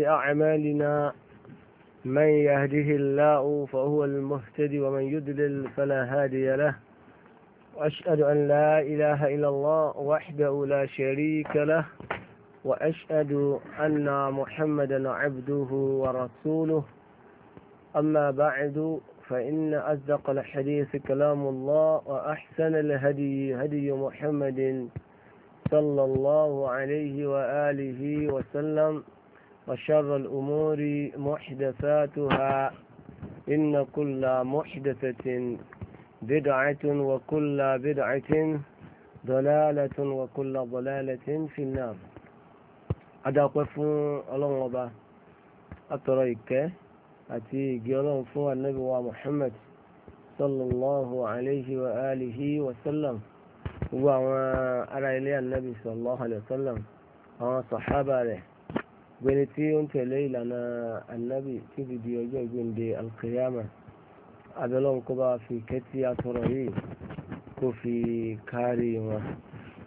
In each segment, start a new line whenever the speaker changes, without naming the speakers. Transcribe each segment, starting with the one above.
أعمالنا من يهده الله فهو المهتدي ومن يدلل فلا هادي له وأشهد أن لا إله إلا الله وحده لا شريك له وأشهد أن محمدا عبده ورسوله أما بعد فإن أصدق الحديث كلام الله وأحسن الهدي هدي محمد صلى الله عليه وآله وسلم وشر الأمور محدثاتها إن كل محدثة بدعة وكل بدعة ضلالة وكل ضلالة في النار أدعوك فون الله أبا أتريك أتي جلون فون النبي محمد صلى الله عليه وآله وسلم وأنا أرى النبي صلى الله عليه وسلم وأنا gbẹni tí ó ń tẹ̀lé ìlànà anabi tí fi di ọjọ́ ìgbìndé alkiyama abẹ́lọ́n kó bá fi kẹ́tí atọ́rọ̀ yìí kó fi kárí wọn.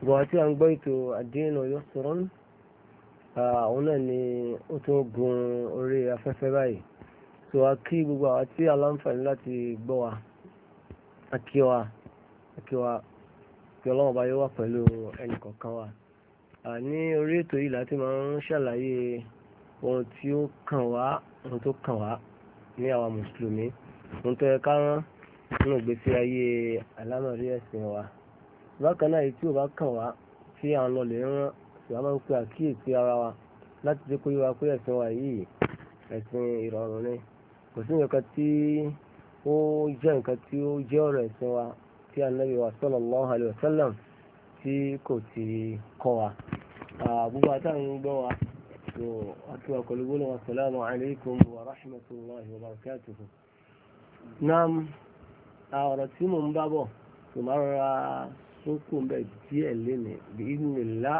bọ̀wá tí a ń gbọ́ ètò àdéhùn ọyọ́ sọ̀rọ̀ òun náà ni ó tún gun orí afẹ́fẹ́ báyìí tó a kí gbogbo àwa tí aláǹfààní láti gbọ́ wa akíwa akíwa kí ọlọ́run yóò wà pẹ̀lú ẹnì kọ̀ọ̀kan wa ní orí ètò yìí láti máa ń ṣàlàyé ohun tí ó kàn wá ohun tó kàn wá ní àwa mùsùlùmí ohun tó yẹ ká rán nínú ìgbésí ayé alámọ̀rí ẹ̀sìn wa bákan náà èyí tí ò bá kàn wá tí à lọ lè rán ìwà máa ń pe àkíyèsí ara wa láti jẹ́ kó yíwa pé ẹ̀sìn wa yìí ẹ̀sìn ìrọ̀rùn ni kò sí nǹkan tí ó jẹ́ nǹkan tí ó jẹ́ ọ̀rọ̀ ẹ̀sìn wa tí Ànábì wa sallallahu alaihi wasallam tí kò ti kọ́ wa gbogbo àtàwọn gbọ́ wa so àti àkọlùgbò lọ́wọ́ assalamu alaikum wa rahmatullahi wa barakatuhu naam ọ̀rọ̀ tí mo ń bá bọ̀ tó máa rọra sókò mbẹ́ díẹ̀ léni bí ìnìlá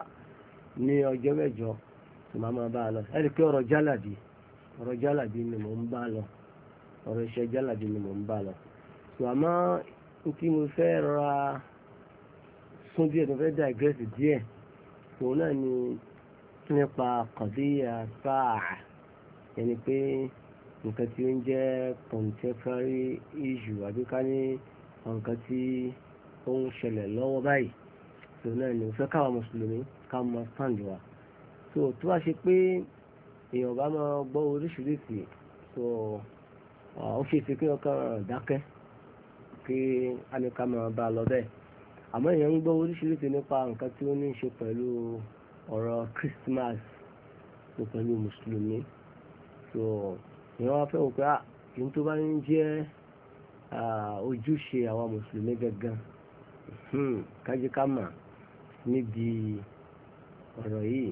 ní ọjọ́ mẹ́jọ tó máa máa bá a lọ ẹni pé ọ̀rọ̀ jálàbí ọ̀rọ̀ jálàbí ni mo ń bá lọ ọ̀rọ̀ iṣẹ́ jálàbí ni mo ń bá lọ tó àmọ́ kí mo fẹ́ rọra sún díẹ̀ tó fẹ́ dàgẹ́sì díẹ̀ òun náà ni nípa kọ̀díyà sáà ẹni pé nǹkan tí ó ń jẹ́ contemporary issue àbí ká ní nǹkan tí ó ń ṣẹlẹ̀ lọ́wọ́ báyìí tó náà ni òfẹ́ káwa mùsùlùmí ká mọ stand wa tó tó bá ṣe pé èèyàn bá máa gbọ́ oríṣiríṣi tó ó ṣe é ṣe pé ọkàn dákẹ́ kí á máa bá a lọ bẹ́ẹ̀ àmọ́ èèyàn ń gbọ́ oríṣiríṣi nípa nǹkan tí ó ní í ṣe pẹ̀lú ọ̀rọ̀ Christmas tó pẹ̀lú mùsùlùmí so èèyàn wá fẹ́ wò pé àyìn tó bá ń jẹ́ ojúṣe àwa mùsùlùmí gangan hmm, kájíká mà níbi ọ̀rọ̀ yìí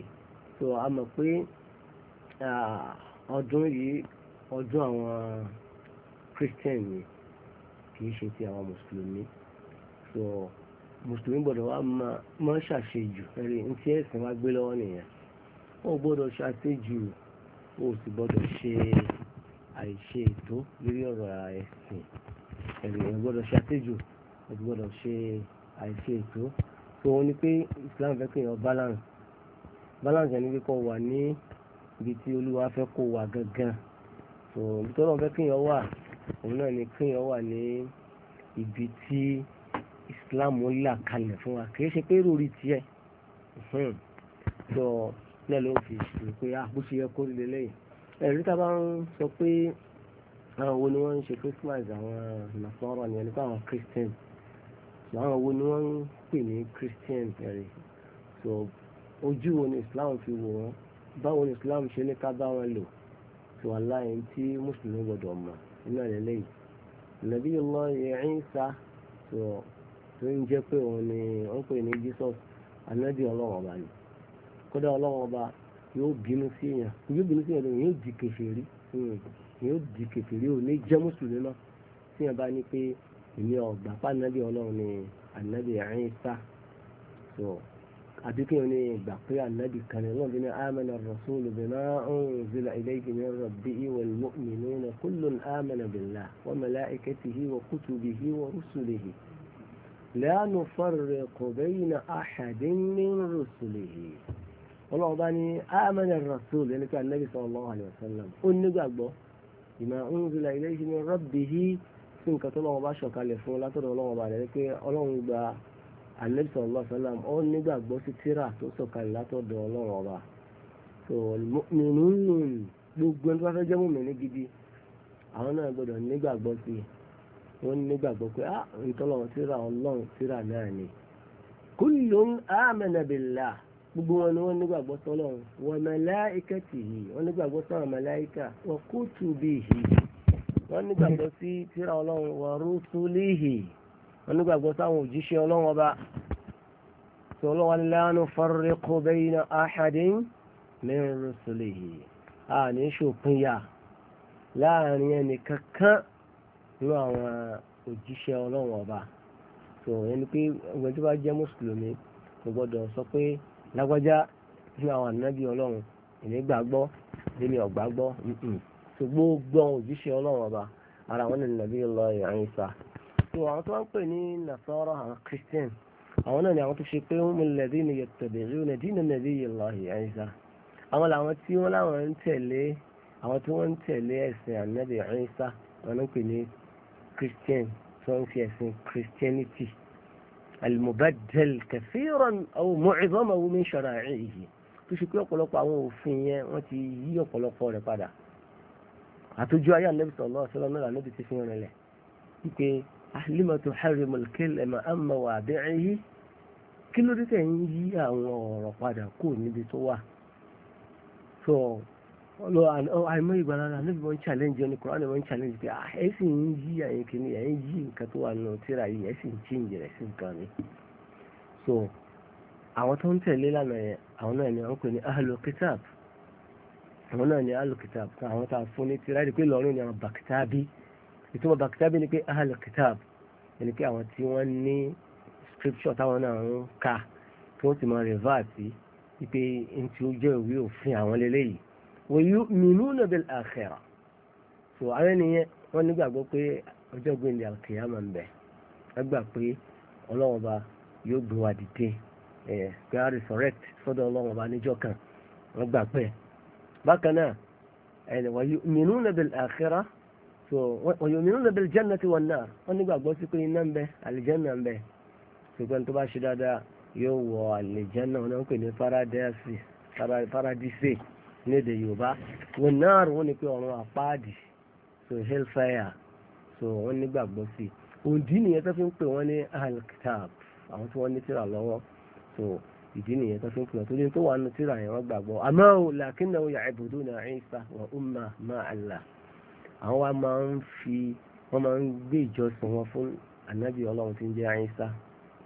so a mọ̀ pé ọdún yìí ọdún àwọn Christian ni kì í ṣe ti àwọn mùsùlùmí so mùsùlùmí gbọ́dọ̀ wá máa ṣàṣejù ẹ̀rí ní tí ẹ̀sìn wá gbé lọ́wọ́ nìyẹn ó gbọ́dọ̀ ṣàṣejù ó sì gbọ́dọ̀ ṣe àìṣe ètò lórí ọ̀rọ̀ ẹ̀sìn ẹ̀rí ó gbọ́dọ̀ ṣàṣejù ó sì gbọ́dọ̀ ṣe àìṣe ètò tó wọn ni pé Islam fẹ́ kí èèyàn balance balance yẹn ni pé kó wà ní ibi tí Olúwa fẹ́ kó wà gangan tó ibi tó kí èèyàn wà òun náà ni kí èèyàn wà ní ibi tí islam là kalẹ̀ fún wa kìí ṣe pé rúri tiẹ̀ lọ hmm. náà ló fi ṣe pé àbúṣe ah, yẹ kó lè lẹ́yìn ẹ̀rí tá ń sọ pé àwọn ah, wo ni wọ́n ń ṣe Christmas àwọn nasara ni ẹni pé àwọn Christian àwọn wo ni wọ́n ń pè ní Christian ẹ̀rí so ojú wo ni islam fi wò wọ́n báwo ni islam ṣe ní ká bá wọn lò tó aláì tí mùsùlùmí gbọdọ̀ mọ̀ nínú ẹ̀rẹ́ lẹ́yìn nàbí Allah Ìsá tó tó ń jẹ́ pé òun ni wọ́n pè ní Jesus anabi ọlọ́wọ́ ọba ni kódà ọlọ́wọ́ ọba yóò bínú sí èèyàn yóò bínú sí èèyàn lóyún yóò di kèfèrí hmm, yóò di kèfèrí ò ní jẹ́ mùsùlùmí náà tí èèyàn bá ní pé èmi ọ̀gbà pa anabi ọlọ́run ni anabi Ìsá so àbí kí ni ìgbà pé anabi kan ní ọlọ́run ní amana rasulu bima unzila ilayhi min rabbihi wal mu'minuna kullun amana billah wa malaikatihi wa kutubihi la nufarriqu bayna ahadin min rusulihi ọlọ́run bá ní amana rasul ẹni pé anabi sallallahu alayhi wa sallam ó nígbàgbọ́ bima unzila ilayhi min rabbihi sí nǹkan tó lọ́wọ́ bá ṣọ̀kalẹ̀ fún látọ̀dọ̀ ọlọ́run bá rẹ̀ pé ọlọ́run gba anabi sallallahu alayhi wa sallam ó nígbàgbọ́ sí tíra tó ṣọ̀kalẹ̀ látọ̀dọ̀ ọlọ́run ọba tó nínú gbogbo ẹni tó bá fẹ́ jẹ́ mọ́mìnì gidi àwọn náà gbọ́dọ̀ nígbàgbọ́ sí i wọ́n nígbàgbọ́ pé ah ìtọ́lọ́wọ́ síra ọlọ́run síra náà ni kullun amana billah gbogbo wọn ni wọ́n nígbàgbọ́ sọ́lọ́run wa malaikatihi wọ́n nígbàgbọ́ sọ́rọ̀ màláìkà wa kutubihi wọ́n nígbàgbọ́ sí síra ọlọ́run wa rusulihi wọ́n nígbàgbọ́ sáwọn òjíṣẹ́ ọlọ́run ọba sọ́lọ́run wa la nufarriqu irú àwọn òjíṣẹ́ ọlọ́run ọba tó yẹn ni pé ọgbẹ́ tó bá jẹ́ mùsùlùmí kò gbọ́dọ̀ sọ pé lágbájá nínú àwọn ànábì ọlọ́run èmi gbàgbọ́ èmi ọ̀gbà gbọ́ tó gbogbo àwọn òjíṣẹ́ ọlọ́run ọba ara wọn ni nàbí lọ ìrìn ìfà tó àwọn tó ń pè ní nasara àwọn christian àwọn náà ni àwọn tó ṣe pé wọn múlẹ̀ dín ní yẹtọ̀bẹ̀ rí ìrìn àwọn làwọn wọn láwọn ń tẹ̀lé àwọn wọn ń pè ní christian tí wọ́n ń fi ẹ̀sìn christianity al-mubaddal kathiran aw mu'idhamahu min shara'ihi tó ṣe pé ọ̀pọ̀lọpọ̀ àwọn òfin yẹn wọ́n ti yí ọ̀pọ̀lọpọ̀ rẹ̀ padà àtúnjú ayé anabi sallallahu alaihi wasallam náà anabi ti fi hàn rẹ̀ wípé ahlimatu harimul kalima amma wà bẹ́ẹ̀rẹ̀ yìí kí ló dé tẹ̀ ń yí àwọn ọ̀rọ̀ padà kó níbi tó wà. i àìmọ́ ìgbà rárá níbi wọ́n challenge ọ ní Quran wọ́n challenge pé ẹ sì yi yí àyè kìíní ẹ ń yí nǹkan tó wà nù tíra yìí ẹ change so àwọn tó ń tẹ̀lé lánàá yẹn àwọn ni wọ́n pè ní alukitab àwọn ni alukitab àwọn tá a fún ní tíra yìí ni àwọn bakitabi ni scripture ka tí ti mọ revert sí pé n tí wayu'minuna bil akhirah so àwọn ènìyàn wọ́n nígbàgbọ́ pé ọjọ́ gbẹ̀ndì alkiyama ń bẹ gbàgbà pé ọlọ́wọ́n bá yóò gbé wa dìde ẹ̀ pé a resurrect sọ́dọ̀ ọlọ́wọ́n bá níjọ́ kan wọ́n gbà pé bákan náà ẹ̀ẹ́dẹ̀ wayu'minuna bil akhirah so wayu'minuna bil jannati wan nar wọ́n nígbàgbọ́ sí pé iná ń bẹ àlìjẹ́nà ń bẹ ṣùgbọ́n tó bá ṣe dáadáa yóò wọ àlìjẹ́nà wọn náà ń pè ní paradise paradise ní èdè yorùbá wọn náà rò wọn ni pé ọ̀run àpáàdì so hellfire so wọn nígbàgbọ́ sí òǹdí nìyẹn tó fi ń pè wọn ní alkitab àwọn tí wọn ní tírà lọ́wọ́ so ìdí nìyẹn tó fi ń pè wọn torí tó wà nínú tírà yẹn wọn gbàgbọ́ àmọ́ ò làkínà ó yà ìbùdó náà Ìsá wà ó mà má àlà àwọn wa máa ń fi wọn máa ń gbé ìjọsìn wọn fún ànábì Ọlọ́run tí ń jẹ́ Ìsá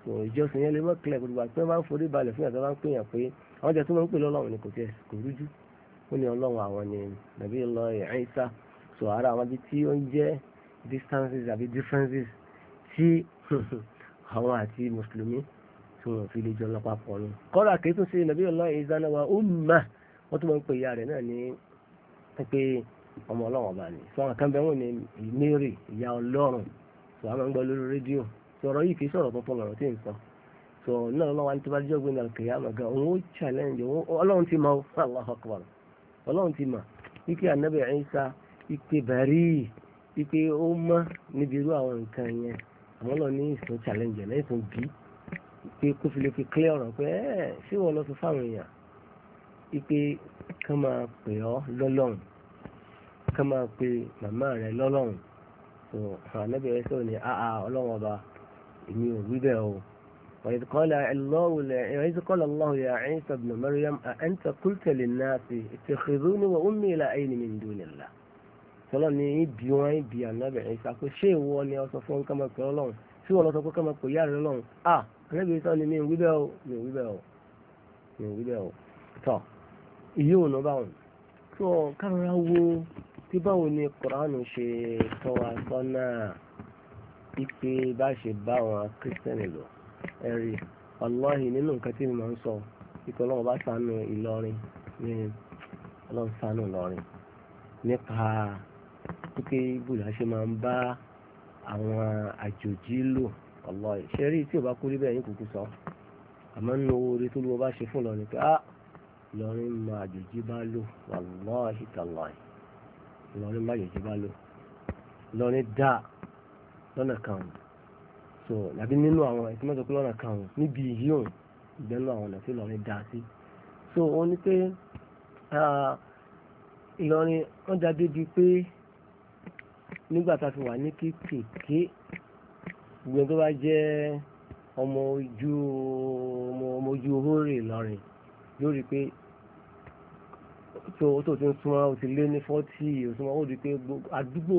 so ìjọsìn yẹn lè mọ kílẹ gbogbo àti wọn bá ń forí balẹ̀ fún yàtọ̀ bá ń pè yàn pé ó ní ọlọ́run àwọn ni nàbí lọ Ìsá so ara àwọn ibi tí ó ń jẹ́ distances àbí differences tí àwọn àti mùsùlùmí tí wọ́n fi lè jọ lọ papọ̀ ni. kọ́lá kìí tún ṣe nàbí lọ Ìsá náà wà ó mà wọ́n tún máa ń pè ìyá rẹ̀ náà ní pé ọmọ ọlọ́run ọba ni sọ àwọn kan bẹ́ẹ̀ wọ́n ní Mary ìyá ọlọ́run sọ àwọn ń gbọ́ lórí rédíò sọ̀rọ̀ yìí kìí sọ̀rọ̀ tuntun lọ̀rọ̀ tí ń sọ so náà lọ́wọ́ àti tí wọ́n bá jọ́ gbé nàìjíríà mọ̀gá òun ó challenge ọlọ́run ti mọ Allahu Akbar ọlọ́run ti mà ike anabi Isa ike bari ike ó mọ́ níbi irú àwọn nǹkan yẹn àmọ́ lọ ní ìsún challenge náà ìsún bí ike kó fi lè fi clear ọ̀rọ̀ pé ẹ́ ṣé wọ́n lọ sọ fáwọn èèyàn ike kán máa pè ọ́ lọ́lọ́run kán máa pe màmá rẹ lọ́lọ́run so anabi Isa ò ní àà ọlọ́run ọba èmi ò wí bẹ́ẹ̀ o. وإذ قال الله وإذ قال الله يا عيسى ابن مريم أأنت قلت للناس اتخذوني وأمي إلهين من دون الله sọlọ ni ibi wọn ibi ànábì Ìsá pé ṣé ìwọ ni ọsọ fún kọmọ pé Ọlọ́run ṣé ìwọ lọsọ pé kọmọ pé ìyá rẹ lọ́run à ànábì Ìsá ni mi ò wí bẹ́ẹ̀ o mi ò wí bẹ́ẹ̀ o mi ò wí bẹ́ẹ̀ o tọ ìyí ò ná báwọn tó kára wo tí báwo ni Kùránù ṣe tọ́ wa sọ́nà pípé bá ṣe bá wọn kírísítẹ́nì lọ. ẹ̀rí wàláhì nínú nǹkan tí mi máa ń sọ ikọ̀ ọlọ́run bá sànù ìlọrin ní ọlọ́run sànù ìlọrin nípa pípé bùdà ma máa ń bá àwọn àjòjì lò wàláhì ṣe rí tí o bá kú rí bẹ́ẹ̀ yín kúkú sọ àmọ́ nínú owó orí tó lówó bá ṣe fún ìlọrin pé á ah, ìlọrin àjòjì bá lò ìlọrin bá lò ìlọrin dá lọ́nà kan so làbí nínú àwọn ẹ̀sìn mẹ́ta pé lọ́nà kan níbi ìyíhùn ìgbẹ́nu àwọn ọ̀nà tí Ìlọrin dá sí so ó ní pé Ìlọrin wọ́n jáde bíi pé nígbà tá a fi wà ní kékèké gbogbo tó bá jẹ́ ọmọ ojú ọmọ ojú oore Ìlọrin yóò rí i pé tó o tó ti ń súnmọ́ o ti lé ní fọ́tì o súnmọ́ o rí i pé àdúgbò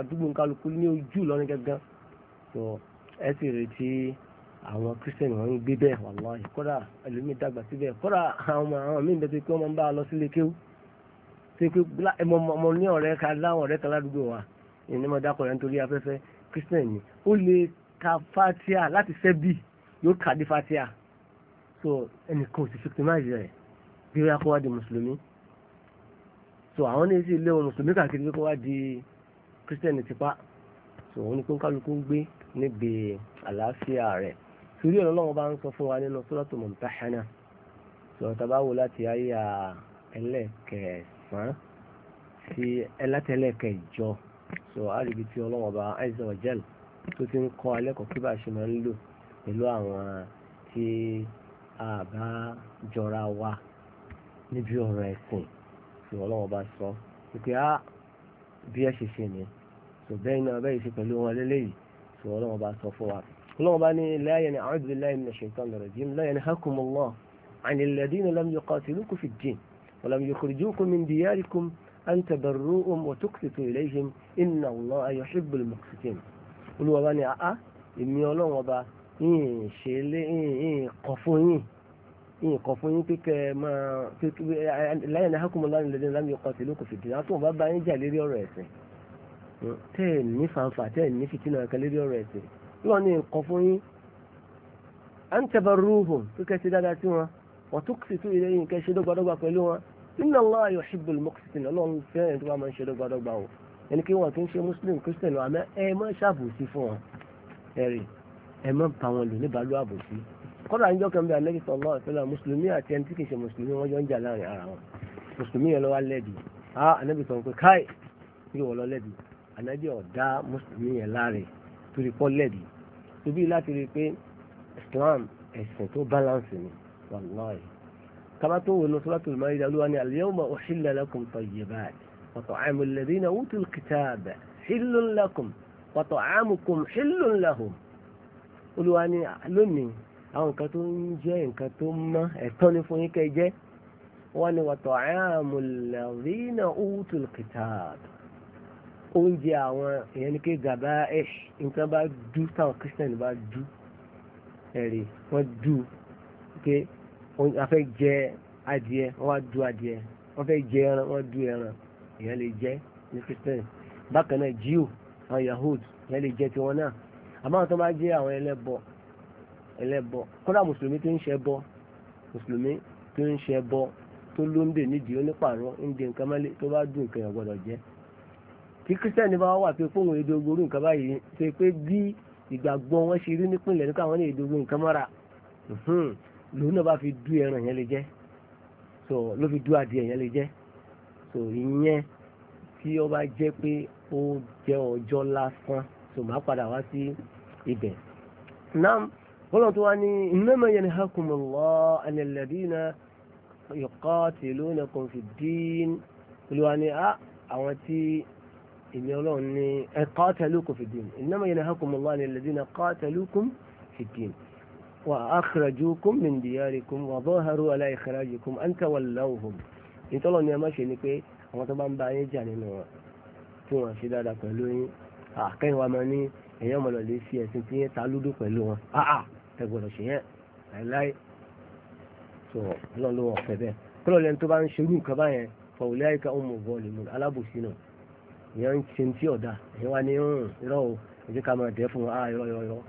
àdúgbò nkálukú ní ojú Ìlọrin gangan tó ẹ sì retí àwọn christian wọn ń gbé bẹ́ẹ̀ wàláhì kódà ẹlòmíì dàgbà síbẹ̀ kódà àwọn àwọn míì bẹ́ẹ̀ pé wọ́n bá a lọ sílé kéwú ṣe pé mo ní ọ̀rẹ́ ká láwọn ọ̀rẹ́ kan ládùúgbò wa ìní mo dákọ̀ rẹ̀ nítorí afẹ́fẹ́ christian ni ó lè ka fatia láti fẹ́ yóò kà dé fatia so ẹnìkan ò sì victimize rẹ̀ bí wọ́n á kó wá di mùsùlùmí so àwọn ní sí ilé wọn mùsùlùmí kàkiri kó wá di christian tipa so òun ni kó ń kálukú gbé níbi àlàáfíà rẹ̀ torí ọ̀nà ọlọ́run bá ń sọ fún wa nínú suratul Mumtahana sọ̀rọ̀ tá a bá wò láti ayé ẹlẹ́kẹ̀ẹ́sán sí ẹlẹ́tẹ̀ẹ́lẹ́kẹ̀ẹ́jọ sọ àríbi tí ọlọ́run bá azza wa jal tó ti ń kọ́ alẹ́kọ̀ọ́ kí bá a ṣe máa ń lò pẹ̀lú àwọn tí a bá jọra wa níbi ọ̀rọ̀ ẹ̀sìn tí ọlọ́run bá sọ pé á ah, bí ẹ ṣe ṣe nìyẹn sọ bẹ́ẹ̀ náà bẹ́ẹ̀ ṣe pẹ̀lú wọn lélẹ́yìí sọ̀rọ̀ ọlọ́wọ́n bá sọ fún wa ọlọ́wọ́n bá ní la a'udhu billahi minash shaitanir rajim la yanhakumullahu 'anil ladhina lam yuqatilukum fid din wa lam yukhrijukum min diyarikum an tabarruhum wa tuqsitu ilayhim inna Allaha yuhibbul muqsitin olúwa bá ní àá èmi ọlọ́wọ́n bá yìnyín ṣe lé yìnyín kọ̀ fún yìnyín nǹkan fún yín kíkẹ́ máa láyìn náà hákùnmọ́ láyìn lẹ́dẹ̀ẹ́ lámì ọkọ̀ tìlú kò fìdí látọ̀ bá bá yín jà lérí ọ̀rọ̀ ẹ̀sìn tẹ́ ẹ̀ ní fanfa tẹ́ ẹ̀ ní fìtínà kan lérí ọ̀rọ̀ ẹ̀sìn yóò ní nǹkan fún yín à ń tẹ̀bà rúùhùn tó kẹ́ ṣe dáadáa sí wọn wọ́n tó sì tún ilé yìí kẹ́ ṣe dọ́gbadọ́gba pẹ̀lú wọn inna Allah yuhibbul muqsitin ọlọ́run fẹ́ràn tó bá máa ń ṣe dọ́gbadọ́gba o ẹni kí wọn kì í ṣe muslim christian àmọ́ ẹ má ṣàbòsí fún wọn ẹ̀rì ẹ má pa wọn lò níbàálù àbòsí kọ́dà ń kan bí Ànábì sallallahu alaihi wasallam mùsùlùmí àti ẹni tí kì í ṣe mùsùlùmí wọ́n jọ ń jà láàrin ara wọn mùsùlùmí yẹn lọ́wọ́ lẹ́bi ah Ànábì sọ pé káì kí wọ́n lọ lẹ́bi ànábì ọ̀dá mùsùlùmí yẹn láre torí pọ́ lẹ́bi tóbi láti rí i pé islam ẹ̀sìn tó balance ni wàlláhi kábàtó wo nusratul maida olúwa ni al-yawma uhilla lakum tayyibat wa ta'amu alladhina utul kitaba hillun lakum wa ta'amukum hillun lahum olúwa ni lónìí àwọn nǹkan tó ń jẹ́ nǹkan tó mọ́ ẹ̀tọ́ ni fún yín kẹ́ jẹ́ wọ́n ni wa ta'amu alladhina utul kitaba oúnjẹ àwọn èèyàn ní pé gàbá ẹ̀ṣ nǹkan bá dú táwọn kírísítẹ̀nì bá dú ẹ̀rì wọ́n dú pé wọ́n fẹ́ jẹ adìẹ wọ́n wá dú adìẹ wọ́n fẹ́ jẹ ẹran wọ́n dú ẹran èèyàn lè jẹ ní kírísítẹ̀nì bákan náà jíò àwọn yahood èèyàn lè jẹ tiwọn náà àmọ́ àwọn tó bá jẹ́ àwọn ẹlẹ́bọ ẹlẹ́bọ kódà mùsùlùmí tó ń ṣe bọ mùsùlùmí tó ń ṣe bọ tó lóńdè nídìí onípààrọ̀ ń de nǹkan mẹ́lẹ́ tó bá dùn nǹkan yẹn gbọ́dọ̀ jẹ́ kí kírísítẹ́nì bá wà pé fóun èdè ogoro nǹkan báyìí ṣe pé bí ìgbàgbọ́ wọn ṣe rí nípìnlẹ̀ nípa àwọn èdè ogoro nǹkan mọ́ra lòun náà bá fi du ẹran yẹn lè jẹ́ so ló fi du adìẹ yẹn lè jẹ́ so ìyẹn tí ó bá jẹ́ pé ó jẹ́ ọjọ́ lásán so máa padà wá sí ibẹ̀ náà bọ́lọ̀ tó wá ní innama yanhakumullahu anil ladina yuqatilunakum fid din olùwà ni ah, àwọn tí èmi ọlọ́run ní ẹ qatalukum fi din innama yanhakumullahu anil ladina qatalukum fi din wa akhrajukum min diyarikum wa zaharu ala ikhrajikum an tawallawhum ìtọ́lọ̀ ni ẹ má ṣe ni pé àwọn tó bá ń bá yín jà nínú wọn tí wọ́n ṣe dáadáa pẹ̀lú yín àkẹ́yìn wa máa ní èèyàn mọ̀lọ́ lè fi ẹ̀sìn tí yẹn ta lúdú pẹ̀lú wọn áà ẹ gbọ́dọ̀ ṣe yẹn láéláé tó ọlọ́run ló wọ̀ fẹ́ bẹ́ẹ̀ kọ́lọ́ tó bá ń ṣerú nǹkan báyẹn fa ulaika umu zalimun alábòsí náà èèyàn ń ṣe tí ọ̀dà èèyàn wá ní hmm, irọ́ o ẹ̀jẹ̀ ká máa dẹ́ fún wa ah, irọ́ irọ́ irọ́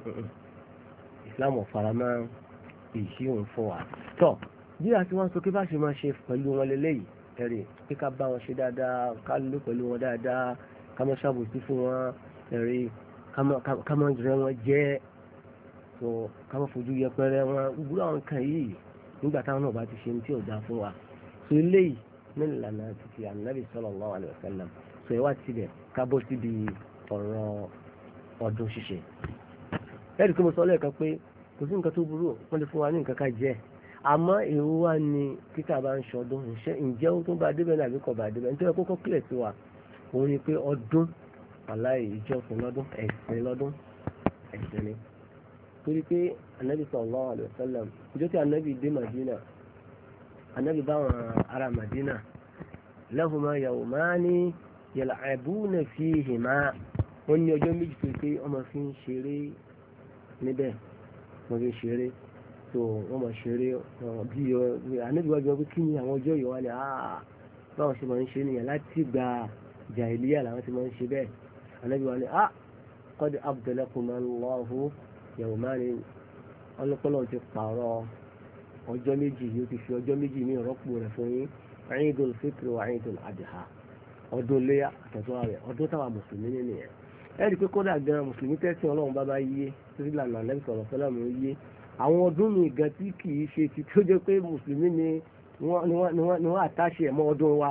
Islam ọ̀fara máa ń ìṣí òun fún wa. tọ́ bí a ti wá sọ kí bá ṣe máa ṣe pẹ̀lú wọn lélẹ́yìí ẹ̀rì kí ká bá wọn ṣe dáadáa ká lò pẹ̀lú wọn dáadáa ká máa ṣàbòsí fún wọn ẹ̀rì ká máa jẹ wọn jẹ́ tó ká máa fojú yẹpẹrẹ wọn gbúdọ̀ àwọn kan yìí nígbà táwọn náà bá ti ṣe ní tí fún wa. sọ eléyìí ní ìlànà ti ànábì sallallahu sọ ẹ wá síbẹ̀ ká bọ́ síbi ọ̀rọ̀ ọdún ṣíṣe ẹ̀rí tó mo sọ lẹ́ẹ̀kan pé kò sí nǹkan tó burú wọ́n lè fún wa ní nǹkan ká jẹ àmọ́ èrò wa ni kíkà bá ń ṣọdún ṣe ǹjẹ́ ó tún bá débẹ̀ náà kò bá débẹ̀ nítorí kókó kílẹ̀ sí wa òun ni pé ọdún aláì ìjọsìn lọ́dún ẹ̀sìn lọ́dún ẹ̀sìn ni torí pé anabi sallallahu alaihi wasallam ìjọ tí anabi dé madina anabi báwọn ará madina lahuma yawmani yal'abuna fihima wọ́n ní ọjọ́ méjì tó pé ọmọ fi ń ṣeré níbẹ̀ wọ́n fi ń ṣeré tó wọ́n mọ̀ ṣeré bí ànábìwájú ọgbẹ́ kí ni àwọn ọjọ́ yìí wà ní àá báwọn ṣe máa ń ṣe nìyẹn láti gba jàìlíyà làwọn ti máa ń ṣe bẹ́ẹ̀ ànábìwá ní àá qad abdalakum Allahu yawmani ọlọ́pọ̀lọ́ ti pààrọ̀ ọjọ́ méjì yìí ti fi ọjọ́ méjì ní ìrọ́pò rẹ̀ fún yín Eidul Fitr wa Eidul Adha ọdún léyà àtọ̀tún rẹ̀ ọdún táwa mùsùlùmí nínú yẹn ẹ rí i pé kódà gan mùsùlùmí tẹ́sí ọlọ́run bá bá yé títí lànà lẹ́yìn sọ̀rọ̀ fẹ́lẹ́ mi yé àwọn ọdún mi gan tí kì í ṣe ti tó jẹ́ pé mùsùlùmí ni wọ́n àtàṣe ẹ̀mọ́ ọdún wa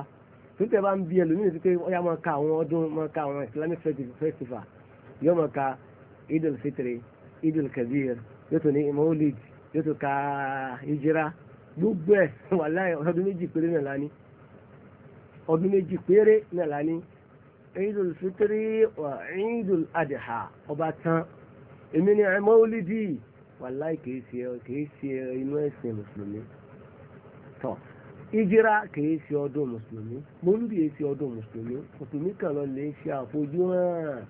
tó tẹ́ bá ń bi ẹlòmíràn sí pé ó yá máa ka àwọn ọdún máa ka àwọn islamic festival yóò máa ka eid al-fitr eid al-kabir yóò tún ní maulid yóò tún ka hijira gbogbo ẹ̀ wàláhì ọdún méjì péré náà lánìí ọdún méjì péré náà lání Eidul Fitri wa Eidul Adha ọba tán èmi ni Maulidi wàláì kìí ṣe kìí ṣe inú ẹ̀sìn mùsùlùmí tọ́ ìjírá kìí ṣe ọdún mùsùlùmí mọ́lúdì yìí ṣe ọdún mùsùlùmí mùsùlùmí kan lọ lè ṣe àfojúhàn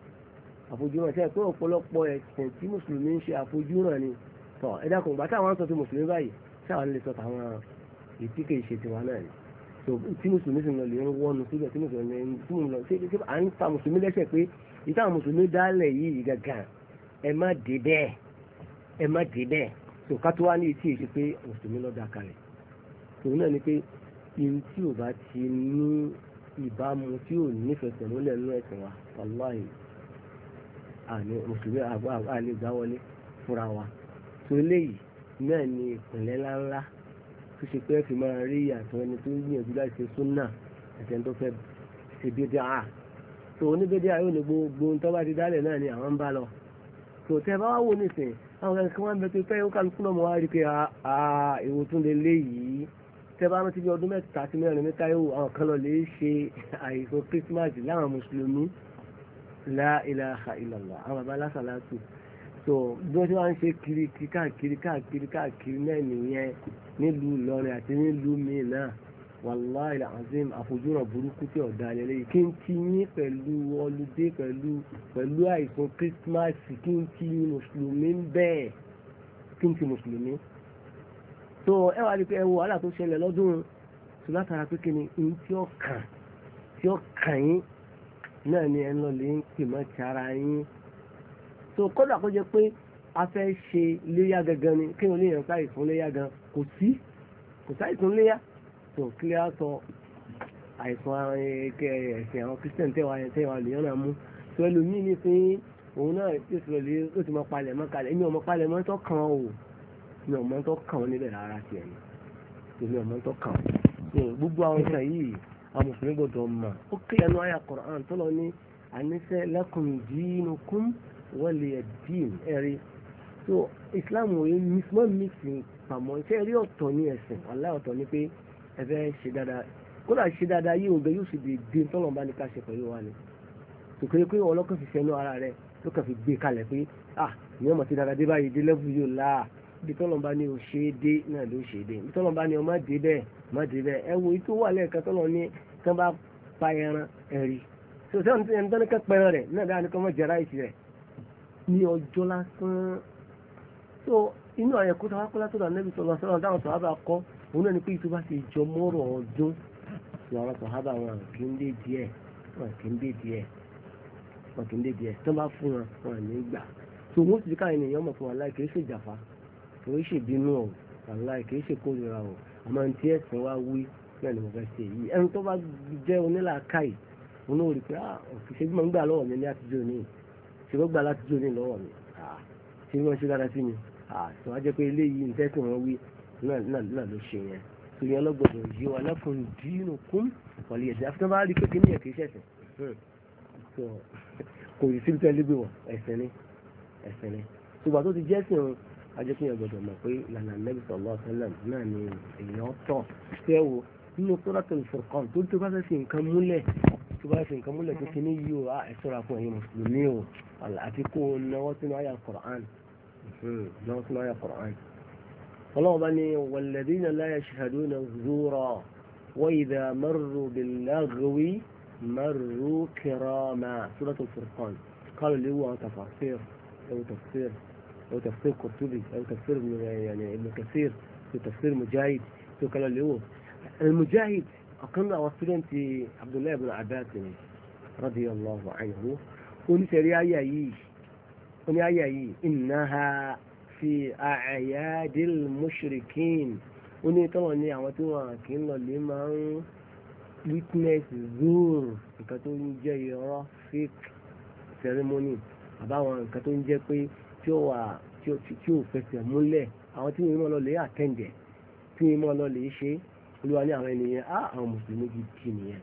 àfojúhàn ṣe pé ọ̀pọ̀lọpọ̀ ẹ̀sìn tí mùsùlùmí ń ṣe àfojúhàn ni tọ́ ẹ dákun gbà táwọn sọ ti mùsùlùmí báyìí táwọn lè sọ táwọn ètí kìí ṣe tiwọn náà ni so tí mùsùlùmí sì ń lọlẹ̀ ń wọ́nu síbẹ̀ tí mùsùlùmí ń tí mò ń lọ sí ṣé à ń fa mùsùlùmí lẹ́sẹ̀ pé ìta mùsùlùmí dálẹ̀ yìí gàgàn ẹ má dé bẹ́ẹ̀ ẹ má dé bẹ́ẹ̀ so ká tó wá ní etí èyí pé mùsùlùmí lọ da kalẹ̀ tòun náà ni pé ihun tí ò bá ti ní ìbámu tí ò nífẹsẹ̀ múlẹ̀ nínú ẹ̀sìn wa wàláhì àní mùsùlùmí àgbà àgbà àlè gbá wọlé fúnra wa so eléyìí náà ni ìpìnlẹ̀ ńláńlá tó ṣe pé fi máa rí ìyàtọ̀ ẹni tó gbìyànjú láti ṣe súnà àti ẹni tó fẹ́ ṣe bídíà á tó oníbídíà yóò ní gbogbo ohun tó bá ti dálẹ̀ náà ni àwọn ń bá lọ tó tẹ́ bá wá wò nísìn àwọn kan kí wọ́n bẹ pé ó kálukú náà mo wá rí pé àà èwo tún lè lé yìí tẹ́ bá rántí bí ọdún mẹ́ta sí mẹ́rin mẹ́ta yóò àwọn kan lọ lè ṣe àìsàn Christmas láwọn mùsùlùmí la ilaha illallah àwọn baba lásàlátù so bí wọ́n ti wá kiri ṣe kiri káàkiri kiri káàkiri náà nìyẹn nílùú Ìlọrin àti nílùú míì náà wàláì azim àfojúrò burúkú tí ọ̀dà lẹ́lẹ́ yìí kí n ti yín pẹ̀lú ọlùdé pẹ̀lú pẹ̀lú àìsàn kírísímàsì kí n ti yín mùsùlùmí bẹ́ẹ̀ kí n ti mùsùlùmí. so ẹ wá rí pé ẹ wo wàhálà tó ṣẹlẹ̀ lọ́dún tó látara pé kí ni n tí ó kàn tí ó kàn yín náà ni ẹ lọ lè ń pè mọ́ ti ara yín so kódà kó jẹ pé a fẹ́ ṣe léyà gangan ni kí wọn lè yàn sáì fún léyà gan kò sí kò sáì fún léyà tó kílẹ̀ á sọ àìsàn ẹ̀sìn àwọn kristian tẹ́wà yẹn tẹ́wà lèyàn náà mú tó ẹlòmíín ní fún òun náà yóò ti lọ lè yóò ti mọ palẹ̀ mọ́ kalẹ̀ èmi ọmọ palẹ̀ mọ́ tó kàn ó mi ọmọ tó kàn ó níbẹ̀ rárá sí ẹ̀yìn èmi ọmọ tó kàn ó gbogbo àwọn ìṣàn yìí àwọn mùsùlùmí gbọdọ̀ mọ̀ ó kílẹ̀ nù àyà Kùránì tó lọ ní àníṣe lakum dinukum waliyadin ẹ̀rí so islam wòye mọ́ mixing pàmò iṣẹ́ rí ọ̀tọ̀ ní ẹ̀sìn wallahi ọ̀tọ̀ ni pé ẹ fẹ́ ṣe dáadáa kódà ṣe dáadáa yìí òun bẹ yóò sì di dín tọ́lọ̀ bá ní ká pẹ̀lú wa ni tòkèrè pé ọlọ́kàn fi ṣẹ́nu ara rẹ ló kàn fi gbé kalẹ̀ pé ah ìyẹn mọ̀ sí dáadáa dé báyìí dé lẹ́bù yóò láà bí tọ́lọ̀ bá ní o ṣe é dé náà ló ṣe é dé bí tọ́lọ̀ bá ní o má dé bẹ́ẹ̀ má dé bẹ́ẹ̀ ẹ wo ètò wà lẹ́ẹ̀kan tọ́lọ̀ ní kán bá pa ẹran ẹ̀rí sọ̀tẹ́ ẹni tán ní ká rẹ̀ náà dáa ní kán mọ̀ jẹ́ ráìsì rẹ̀ ní ọjọ́ lásán so inú àwọn ẹ̀kọ́ sáwá na sọ́dọ̀ anẹ́bí sọ̀rọ̀ sọ́dọ̀ táwọn sọ̀hábà kọ́ òun náà ni pé ìtura ti jọ mọ́rọ̀ ọdún ní àwọn sọ̀hábà wọn kì í dé díẹ̀ wọn kì í dé díẹ̀ wọn kì dé díẹ̀ tó bá fún wọn wọn ní gbà so wọ́n ti di káyọ̀ ènìyàn mọ̀ fún wa láì kì í ṣe kì í ṣe ọ̀ láì kì í ṣe ọ̀ àmọ́ ní wa wí náà ni mo fẹ́ ṣe ẹni tó bá jẹ́ pé ah, ṣe wọ́n gbà láti jó ní lọ́wọ́ mi ṣe wọ́n ṣe dára sí mi ṣe wọ́n jẹ́ pé eléyìí ń tẹ́sí wọn wí náà ló ṣe yẹn tó yẹn lọ́gbọ̀dọ̀ yí wa lẹ́kùn dínú kún wọlé ẹ̀sìn àfi tó bá rí kékeré yẹn kìí ṣẹ̀sìn hmm. kò rí sí tẹ́lẹ̀ gbé wọ̀ ẹ̀sìn ni ẹ̀sìn ni ṣùgbọ́n tó ti jẹ́ sí òun ajẹ́kùn yẹn gbọ́dọ̀ mọ̀ pé lànà nẹ́bí sọ̀lọ́ sẹ́lẹ̀m náà ni èèyàn tọ̀ ṣẹ́ wo nínú Suratul Furqan tó tó bá fẹ́ fi nǹkan múlẹ̀ tó bá fi nǹkan múlẹ̀ tuntun ní yìí o a ẹ̀ sọ́ra fún ẹ̀yin mùsùlùmí o àti kó o náwó sínú àyà Qur'an náwó sínú àyà Qur'an. ọlọ́wọ́ bá ní walladhina la yashhaduna zura wa idha marru bil-laghwi marru kirama Suratul Furqan قالوا اللي هو تفسير أو تفسير أو تفسير قرطبي أو تفسير يعني ابن كثير في تفسير مجاهد في كلام اللي هو المجاهد ọ̀kan náà àwọn sídẹ́ǹtì abdullahi bin abbas ni radiyallahu anhu oníṣẹ́rí àyà yìí oní àyà yìí innaha fi a'yadil mushrikin oní tọ́wọ̀ ní àwọn tí wọ́n kì í lọlé máa ń witness zur nǹkan tó ń jẹ́ irọ́ fake ceremony àbáwọn nǹkan tó ń jẹ́ pé tí ó wà tí ó fẹsẹ̀ múlẹ̀ àwọn tí wọ́n mọ̀ lọ lè àtẹ̀ǹdẹ̀ tí wọ́n mọ̀ lọ lè ṣe é olúwa ní àwọn ènìyàn á ah, àwọn mùsùlùmí ti tì nìyẹn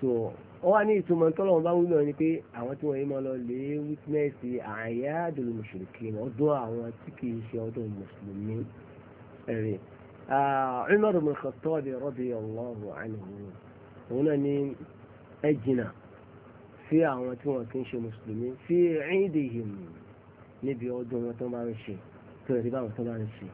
so ó wá ní ìtumọ̀ tọ́lọ́wọ́n bá wúlò ní pé àwọn tí wọ́n yé máa lọ lè wítínẹ́sì àyáàdùn mùsùlùmí ọdún àwọn tí kì í ṣe ọdún mùsùlùmí ẹ̀rẹ̀ ah, Umar ibn Khattab radiyallahu anhu òun náà ní ẹ̀jìnà sí àwọn tí wọ́n kì í ṣe mùsùlùmí fi 'idihim níbi ọdún wọn tó bá ń ṣe tó yẹ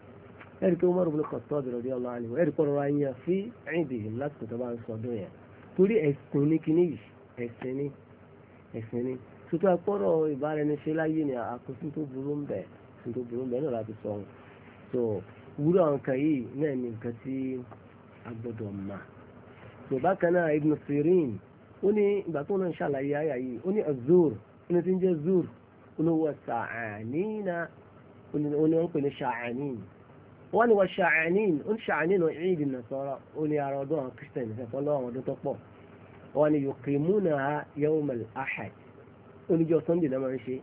ẹ̀rí pé Umar ibn Khattab radiyallahu anhu ẹ̀rí pọ̀rọ̀ ra yan fi ẹ̀yìndìyàn lásìkò tó bá ń sọdún yẹn torí ẹ̀sìn ní kíní yìí ẹ̀sìn ní ẹ̀sìn ní tuntun akpọ̀rọ̀ ìbáraẹniṣe láyé ni àkóso tó burú ń bẹ̀ tó burú ń bẹ̀ náà láti sọ wọn so wúrọ̀ àwọn kan yìí náà ní nǹkan tí a gbọ́dọ̀ mà so bákan náà Ibn Sirin ó ní ìgbà tó wọ́n ní wọ́n ṣàánìn ń ṣàánìn ní ìd nasara ó ní ara ọdún àwọn kristian ìfẹ́fọ́ lọ́wọ́ ọdún tó pọ̀ wọ́n ní yuqimuna yawm al-ahad oníjọ́ sunday lọ́mọ ń ṣe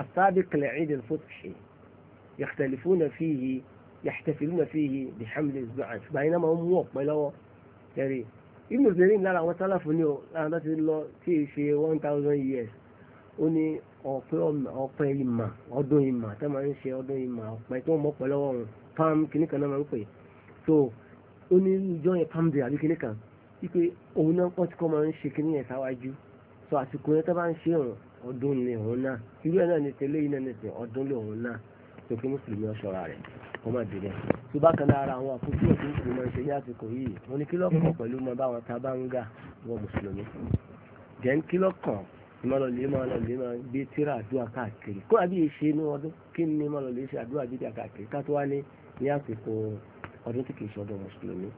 asabiq li-eid al-fitr yakhtalifuna fihi yahtafiluna fihi bihamli az-zu'af báyìí náà máa ń mú ọ̀pẹ lọ́wọ́ tẹ̀rí ibùdó lára àwọn sálàfù ní o lára láti lọ sí ìṣe one thousand years ó ní ọ̀pẹ ìmà ọdún ìmà tá máa ń ṣe ọdún ìmà ọ̀pẹ tó mọ̀ pẹ̀lú ọ̀run palm kìíní kan náà máa ń pè so ó ní ìjọ yẹn palm day àbí kìíní kan wípé òun náà pọ̀ tí kò máa ń ṣe kìíní yẹn sáwájú so àsìkò yẹn tá bá ń ṣe ọ̀run ọdún ni òun náà irú ẹ̀ náà ní tẹ́lẹ̀ yìí náà ní tẹ́ ọdún lé òun náà tó kí mùsùlùmí ọ̀ṣọ́ra rẹ̀ wọ́n máa dìrẹ̀ tó bá kan lára àwọn àkókò tí mùsùlùmí máa ń ṣe ní àsìkò yìí wọ́n ní kí lọ́kàn pẹ̀lú máa bá wọn ta bá ń gà wọ́n mùsùlùmí jẹ́ ń kí lọ́kàn ìmọ̀lọ́lẹ̀ ìmọ̀lọ́lẹ̀ máa gbé tíra àdúrà káàkiri kó àbí ìṣe inú ọdún kí ni ìmọ̀lọ́lẹ̀ ṣe àdúrà gbígbà káàkiri ká tó wá ní ní àsìkò ọdún tí kì í ṣọdún mùsùlùmí.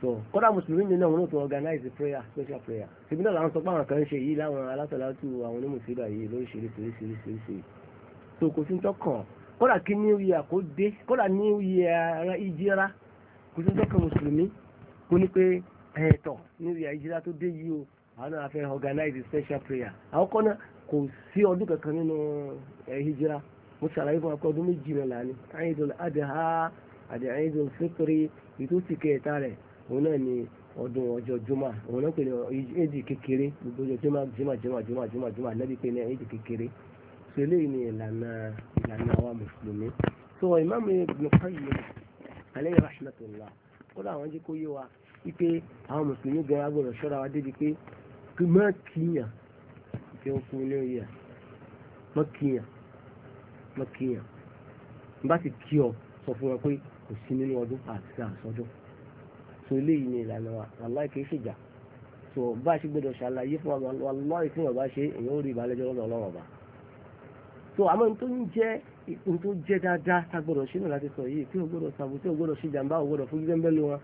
so kódà mùsùlùmí ni náà wọn ò tún organize prayer special prayer ṣèbí náà làwọn sọ pé àwọn kan ń ṣe yìí láwọn alásàlátù àwọn onímùsùlùmí yìí lóríṣiríṣiríṣiríṣiríṣi so kò sí tọkàn kódà kí new year kó dé kódà new year ìjìra kò sí tọkàn mùsùlùmí kó ní pé ẹ̀ẹ́tọ̀ new year ìjìra tó dé yìí o àwọn na fẹ́ a special prayer àwọn kọ́nà kò sí ọdún kankan nínú eh, hijira mo ṣàlàyé fún akọ ọdún méjì náà lánàá Eidul Adha àti Eidul Fitri kẹta òun náà ni ọdún ọjọ́ juma òun náà pè kékeré gbogbo ọjọ́ juma juma juma juma juma kékeré ni ìlànà ìlànà wa mùsùlùmí kó yé wa pé má kíyàn kí wọ́n fún ilé yà má kíyàn má kíyàn bá ti kí ọ sọ fún wọn pé kò sí nínú ọdún àti àsọdún so eléyìí ni ìlànà aláì kìí ṣèjà so bá a ṣe gbọ́dọ̀ ṣàlàyé fún wa lọ́ọ̀ì fún ọba ṣe èèyàn ó rí ìbálẹ́jọ́ lọ́dọ̀ ọlọ́run ọba so àmọ́ ní tó ń jẹ́ ní tó jẹ́ dáadáa tá a gbọ́dọ̀ ṣe náà láti sọ yìí kí o gbọ́dọ̀ ṣàbòsí o gbọ́dọ̀ ṣe jàǹbá o gbọ́dọ̀ fún gbẹ́ńbẹ́ lu wọn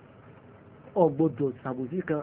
o gbọ́dọ̀ ṣàbòsí kan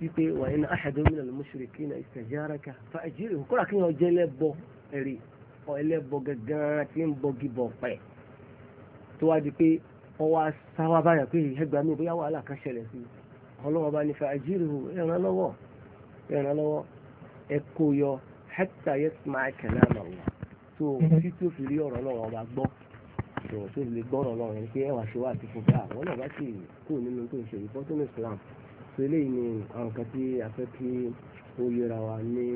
wípé wà ní ahadu min al-mushrikina istajaraka fa'ajirhu kódà kí wọ́n jẹ́ ẹlẹ́bọ ẹ̀rí ọ ẹlẹ́bọ gangan tí ń bọgi bọ̀ pẹ̀ tó wá di pé ọwọ́ sáwá báyà pé ẹgbà mi bóyá wàhálà kan ṣẹlẹ̀ sí ọlọ́wọ́ bá ní fa'ajirhu ẹ̀ràn lọ́wọ́ ẹ̀ràn lọ́wọ́ ẹ kó yọ hatta yasma'a kalam Allah tó tí tó fi rí ọ̀rọ̀ lọ́wọ́ ọba gbọ́ tó tó lè gbọ́ ọ̀rọ̀ lọ́wọ́ yẹn pé ẹwà ṣe wá àti fún bá àwọn ah, náà bá sì kú nínú tó ń so eléyìí ni àwọn nǹkan tí a fẹ́ kí ó yẹra wa ní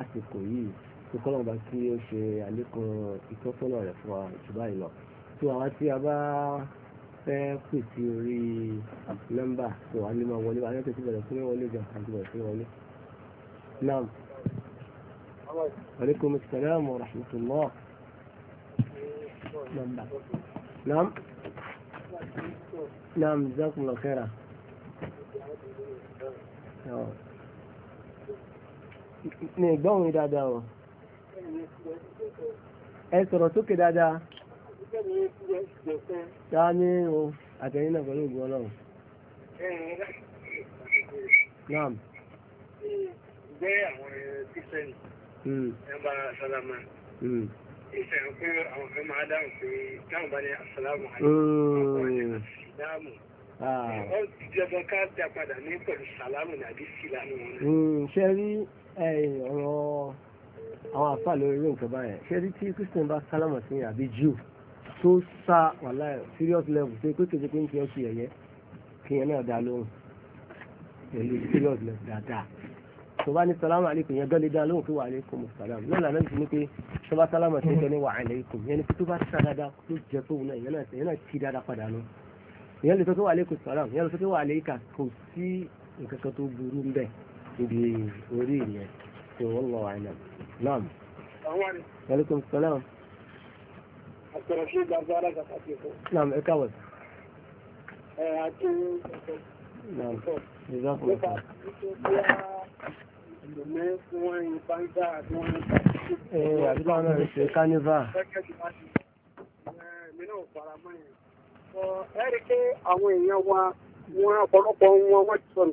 àsìkò yìí tó kọ́ lọ́ba kí ó ṣe àlékún ìtọ́sọ́nà rẹ̀ fún wa jù báyìí tó àwa tí a bá fẹ́ pè sí orí nọ́mbà tó wà lè máa wọlé wa lẹ́tọ̀ọ́ sí bẹ̀rẹ̀ fún wọlé gan àti bẹ̀rẹ̀ fún wọlé. naam aleykum salaam wa rahmatulah. naam naam jazakumullah khairan. ní ẹ̀gbọ́n mi dáadáa o ẹ sọ̀rọ̀ sókè dáadáa dáa ní o àtẹ̀yìn náà pẹ̀lú Naam. àwọn hmm. hmm. pé wọ́n ah. ti ọgbọ́n ká dá padà ní pẹ̀lú sàlámù nàbí sílámù wọn. Hmm, ṣe rí ọ̀rọ̀ àwọn àfáà lórí irú nǹkan báyẹn ṣe rí tí Christian bá sálámù sí àbí Jew tó sá wàhálà serious level tó pé kéde pé ń fi ọtí ẹ̀yẹ kí yẹn náà dá lóhùn pẹ̀lú serious level dáadáa tó bá ní sálámù àlékún yẹn gán lè dá lóhùn pé wà àlékún mùsàlámù lọ́la náà ti ní pé tó bá sálámù àti ẹ̀jẹ̀ ní wà àlékún yẹn ni pé tó bá sá dáadáa tó jẹ fóun náà yẹn náà ti dáadáa padà lóhùn ìyẹn lè sọ pé wà lẹ́kùn sàlám ìyẹn lè sọ pé wà lẹ́kà kò sí nǹkan kan tó burú ń bẹ̀ níbi orí ìyẹn tó wọ́n lọ àìnà náà. Aleykum salaam. Àtọ̀rọ̀ṣe gbàgbọ́ alágbàtàkì ẹ̀kọ́. Naam ẹ káwọ̀. Ẹ àti ẹ̀kọ́. Naam ìzáfọ̀ ẹ̀kọ́. Ẹ àdúgbò náà ṣe kánífà. Ẹ̀mí náà fara mọ́ yẹn ẹ rí i pé àwọn èèyàn wa wọn ọ̀pọ̀lọpọ̀ wọn wọ́n ti sọnù.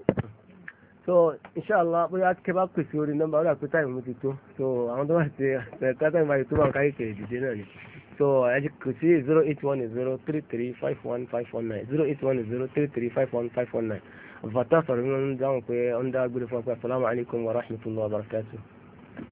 so inshallah bóyá kí ẹ bá pèsè orí nọ́mbà ó dà pé táìmù mi ti tó so àwọn tó bá ti ẹ̀ka táìmù báyìí tó bá ń káyé kẹ̀ ìdíje náà ni so ẹ jẹ́ kò sí zero eight one zero three three five one five one nine zero eight one zero three three five one five one nine fata sọ̀rọ̀ mi ń dáhùn pé ó ń dá gbére fún wa pé asalaamualeykum wa rahmatulah wa barakatuh.